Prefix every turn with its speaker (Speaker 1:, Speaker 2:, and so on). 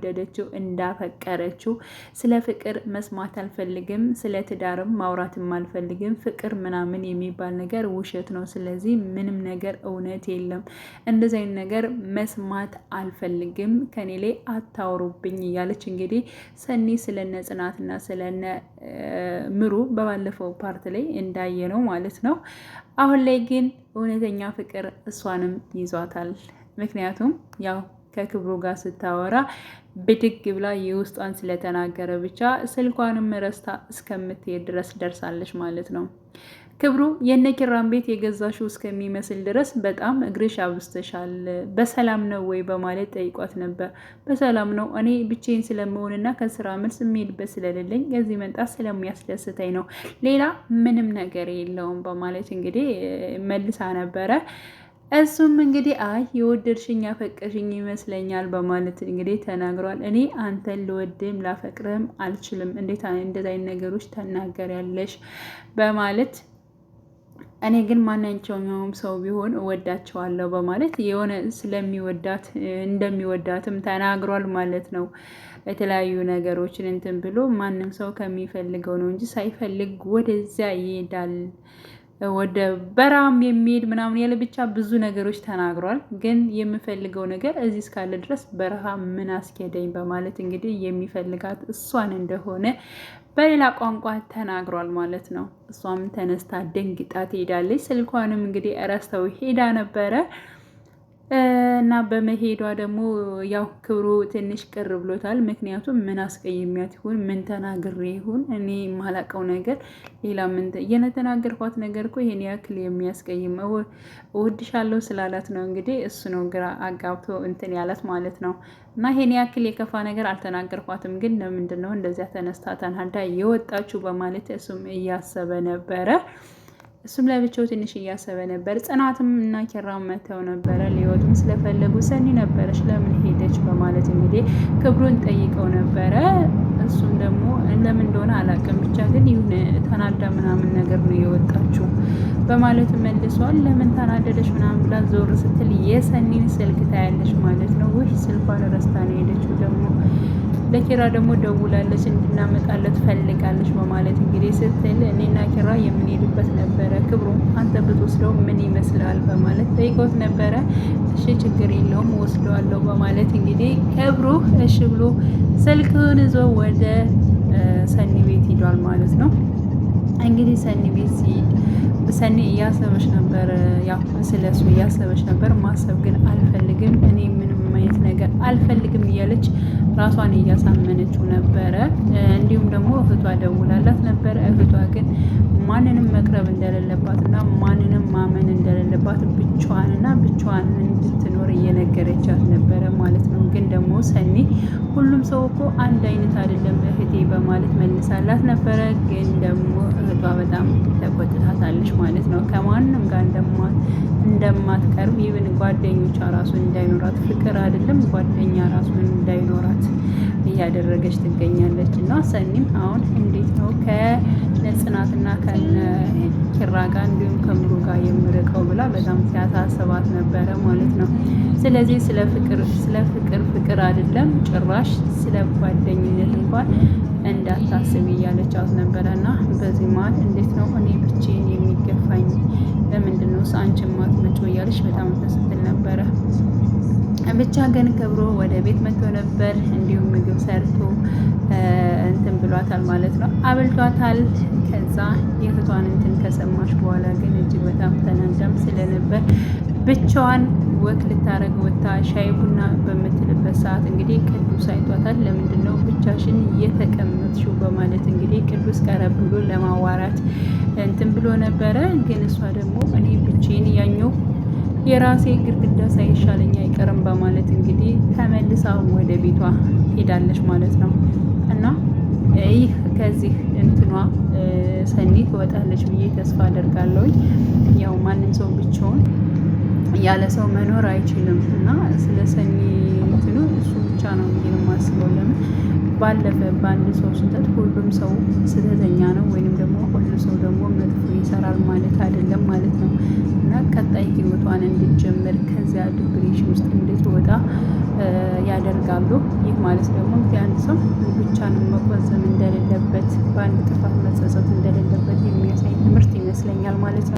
Speaker 1: እንደወደደችው እንዳፈቀረችው ስለ ፍቅር መስማት አልፈልግም፣ ስለ ትዳርም ማውራትም አልፈልግም። ፍቅር ምናምን የሚባል ነገር ውሸት ነው። ስለዚህ ምንም ነገር እውነት የለም። እንደዚህ አይነት ነገር መስማት አልፈልግም፣ ከኔ ላይ አታውሩብኝ እያለች እንግዲህ ሰኒ ስለነ ጽናትና ስለነ ምሩ በባለፈው ፓርት ላይ እንዳየ ነው ማለት ነው። አሁን ላይ ግን እውነተኛ ፍቅር እሷንም ይዟታል። ምክንያቱም ያው ከክብሩ ጋር ስታወራ ብድግ ብላ የውስጧን ስለተናገረ ብቻ ስልኳንም ረስታ እስከምትሄድ ድረስ ደርሳለች ማለት ነው። ክብሩ የነ ኪራን ቤት የገዛሽው እስከሚመስል ድረስ በጣም እግርሽ አብስተሻል፣ በሰላም ነው ወይ በማለት ጠይቋት ነበር። በሰላም ነው፣ እኔ ብቼን ስለመሆንና ከስራ መልስ የሚሄድበት ስለሌለኝ ከዚህ መምጣት ስለሚያስደስተኝ ነው፣ ሌላ ምንም ነገር የለውም በማለት እንግዲህ መልሳ ነበረ። እሱም እንግዲህ አይ የወደድሽኝ ያፈቀሽኝ ይመስለኛል በማለት እንግዲህ ተናግሯል። እኔ አንተን ልወድም ላፈቅርም አልችልም፣ እንዴት እንደዛ አይነት ነገሮች ተናገሪያለሽ? በማለት እኔ ግን ማናቸውም ሰው ቢሆን እወዳቸዋለሁ በማለት የሆነ ስለሚወዳት እንደሚወዳትም ተናግሯል ማለት ነው። የተለያዩ ነገሮችን እንትን ብሎ ማንም ሰው ከሚፈልገው ነው እንጂ ሳይፈልግ ወደዚያ ይሄዳል ወደ በራም የሚሄድ ምናምን ያለ ብቻ ብዙ ነገሮች ተናግሯል። ግን የምፈልገው ነገር እዚህ እስካለ ድረስ በረሃ ምን አስኬደኝ በማለት እንግዲህ የሚፈልጋት እሷን እንደሆነ በሌላ ቋንቋ ተናግሯል ማለት ነው። እሷም ተነስታ ደንግጣ ትሄዳለች። ስልኳንም እንግዲህ እረስተው ሄዳ ነበረ። እና በመሄዷ ደግሞ ያው ክብሩ ትንሽ ቅር ብሎታል። ምክንያቱም ምን አስቀይሚያት ይሁን ምን ተናግሬ ይሁን እኔ የማላቀው ነገር ሌላ ምን የነተናገርኳት ነገር እኮ ይሄን ያክል የሚያስቀይም እወድሻለሁ ስላላት ነው እንግዲህ እሱ ነው ግራ አጋብቶ እንትን ያላት ማለት ነው። እና ይሄን ያክል የከፋ ነገር አልተናገርኳትም፣ ግን ለምንድን ነው እንደዚያ ተነስታ ተናዳ የወጣችሁ በማለት እሱም እያሰበ ነበረ። እሱም ለብቻው ትንሽ እያሰበ ነበር። ጽናትም እና ኪራም መተው ነበረ። ሊወጡም ስለፈለጉ ሰኒ ነበረች ለምን ሄደች በማለት እንግዲህ ክብሩን ጠይቀው ነበረ። እሱም ደግሞ ለምን እንደሆነ አላውቅም፣ ብቻ ግን ይሁን ተናዳ ምናምን ነገር ነው የወጣችው በማለት መልሷል። ለምን ተናደደች ምናምን ብላ ዞር ስትል የሰኒን ስልክ ታያለች ማለት ነው። ውይ ስልኳን ረስታ ነው የሄደችው ደግሞ ለኪራ ደግሞ ደውላለች እንድናመጣለት ፈልጋለች በማለት እንግዲህ ስትል እኔና ኪራ የምንሄድበት ነበረ፣ ክብሩ አንተ ብትወስደው ምን ይመስላል በማለት ጠይቆት ነበረ። እሺ ችግር የለውም ወስደዋለሁ በማለት እንግዲህ ክብሩ እሺ ብሎ ስልክን ይዞ ወደ ሰኒ ቤት ሂዷል ማለት ነው። እንግዲህ ሰኒ ቤት ሲሄድ ሰኒ እያሰበች ነበር፣ ያው ስለሱ እያሰበች ነበር። ማሰብ ግን አልፈልግም እኔ ምንም አይነት ነገር አልፈልግም እያለች ራሷን እያሳመነችው ነበረ። እንዲሁም ደግሞ እህቷ ደውላላት ነበረ። እህቷ ግን ማንንም መቅረብ እንደሌለባት እና ማንንም ማመን እንደሌለባት ብቻዋንና ብቻዋን እንድትኖር እየነገረቻት ነበረ ማለት ነው። ግን ደግሞ ሰኒ ሁሉም ሰው እኮ አንድ አይነት አይደለም እህቴ በማለት መልሳላት ነበረ። ግን ደግሞ እህቷ በጣም ተቆጥታታለች ማለት ከማንም ጋር እንደማትቀርብ ይብን ጓደኞቿ ራሱ እንዳይኖራት ፍቅር አይደለም ጓደኛ ራሱ እንዳይኖራት እያደረገች ትገኛለች። እና ሰኒም አሁን እንዴት ነው ከነጽናትና ከነኪራ ጋር እንዲሁም ከምሩ ጋር የምርቀው ብላ በጣም ሲያሳስባት ነበረ ማለት ነው። ስለዚህ ስለ ፍቅር ስለ ፍቅር ፍቅር አይደለም ጭራሽ ስለ ጓደኝነት እንኳን እንዳታስብ እያለቻት ነበረ እና በዚህ ማለት እንዴት ነው እኔ ብቼ ዮርዳኖስ አንቺም አትመጪው እያለች በጣም ስትል ነበረ። ብቻ ግን ክብሮ ወደ ቤት መጥቶ ነበር። እንዲሁም ምግብ ሰርቶ እንትን ብሏታል ማለት ነው፣ አብልቷታል። ከዛ የእህቷን እንትን ከሰማች በኋላ ግን እጅግ በጣም ተናዳም ስለነበር ብቻዋን ወክ ልታረግ ወታ ሻይ ቡና በምትልበት ሰዓት እንግዲህ ቅዱስ አይቷታል። ለምንድን ነው ብቻሽን እየተቀመጥሽው? በማለት እንግዲህ ቅዱስ ቀረብ ብሎ ለማዋራት እንትን ብሎ ነበረ። ግን እሷ ደግሞ እኔ ብቼን ያኘው የራሴ ግድግዳ ሳይሻለኝ አይቀርም በማለት እንግዲህ ተመልሳ ወደ ቤቷ ሄዳለች ማለት ነው እና ይህ ከዚህ እንትኗ ሰኒ ትወጣለች ብዬ ተስፋ አደርጋለሁኝ። ያው ማንም ሰው ብቻውን ያለ ሰው መኖር አይችልም እና ስለ ሰኒ እንትኑ እሱ ብቻ ነው ብዬ የማስበው። ለምን ባለፈ በአንድ ሰው ስህተት ሁሉም ሰው ስህተተኛ ነው ወይንም ደግሞ ሁሉ ሰው ደግሞ መጥፎ ይሰራል ማለት አይደለም ማለት ነው እና ቀጣይ ህይወቷን እንድትጀምር ከዚያ ዲፕሬሽን ውስጥ እንድትወጣ ያደርጋሉ። ይህ ማለት ደግሞ አንድ ሰው ብቻንም መቆዘም እንደሌለበት፣ በአንድ ጥፋት መጸጸት እንደሌለበት የሚያሳይ ትምህርት ይመስለኛል ማለት ነው።